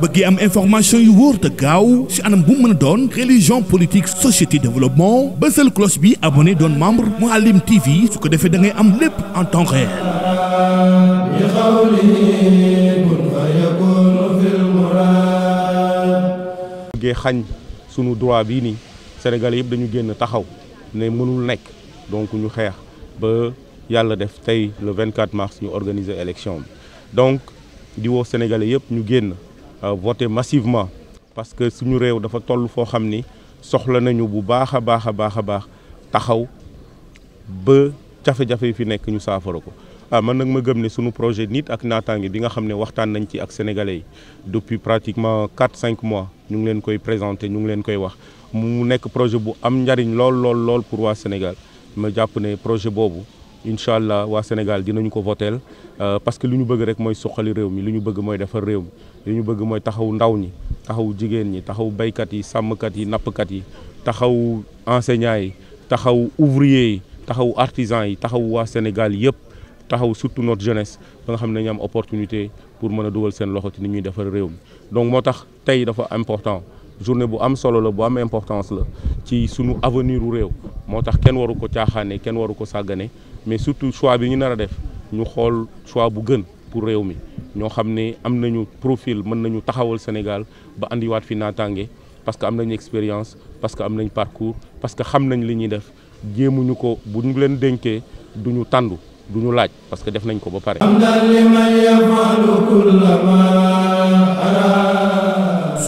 bëggee am information yu wóor te gaaw ci anam bu mën a doon religion politique société développement bësal cloche bi abonné doon membre Mouhalim TV su ko defee da ngay am lépp en temps réel. bëggee xañ sunu droit bii nii Sénégalais yëpp dañu génn taxaw ne mënul nekk donc ñu xeex yàlla def tey le 24 mars ñu organiser élection bi donc di woo sénégalais yëpp ñu génn euh, voter massivement parce que suñu réew dafa toll foo xam ni soxla nañu bu baax a baax a baax a baax taxaw ba jafe-jafe yi fi nekk ñu saafara ko ah man nag ma gëm ne suñu projet nit ak naataange bi nga xam ne waxtaan nañ ci ak sénégalais yi depuis pratiquement 4 cinq mois ñu ngi leen koy présenter ñu ngi leen koy wax mu nekk projet bu am njariñ lool lool lool pour waa Sénégal ma projet boobu incha allah waa Sénégal dinañu ko voteel euh, parce que lu ñu bëgg rek mooy suqali réew mi lu ñu bëgg mooy defar réew mi li ñu bëgg mooy taxaw ndaw ñi taxaw jigéen ñi taxaw baykat yi sàmmkat yi nappkat yi taxaw enseignants yi taxaw ouvrier yi taxaw artisans yi taxaw waa Sénégal yëpp taxaw surtout notre jeunesse ba nga xam ne ñu am opportunité pour mën a dugal seen loxo ci ni ñuy defar réew mi donc moo tax tey dafa important journée bu am solo la bu am importance la ci sunu avenir réew moo tax kenn waru ko caaxaane kenn waru ko sàggane mais surtout choix bi ñu nar def ñu xool choix bu gën pour réew mi ñoo xam ne am nañu profile mën nañu taxawal Sénégal ba andiwaat fi naataange parce que am nañ expérience parce que am nañ parcours parce que xam nañ li ñuy def jéemuñu ko bu ñu leen dénkee du ñu tàndu du ñu laaj parce que def nañ ko ba pare.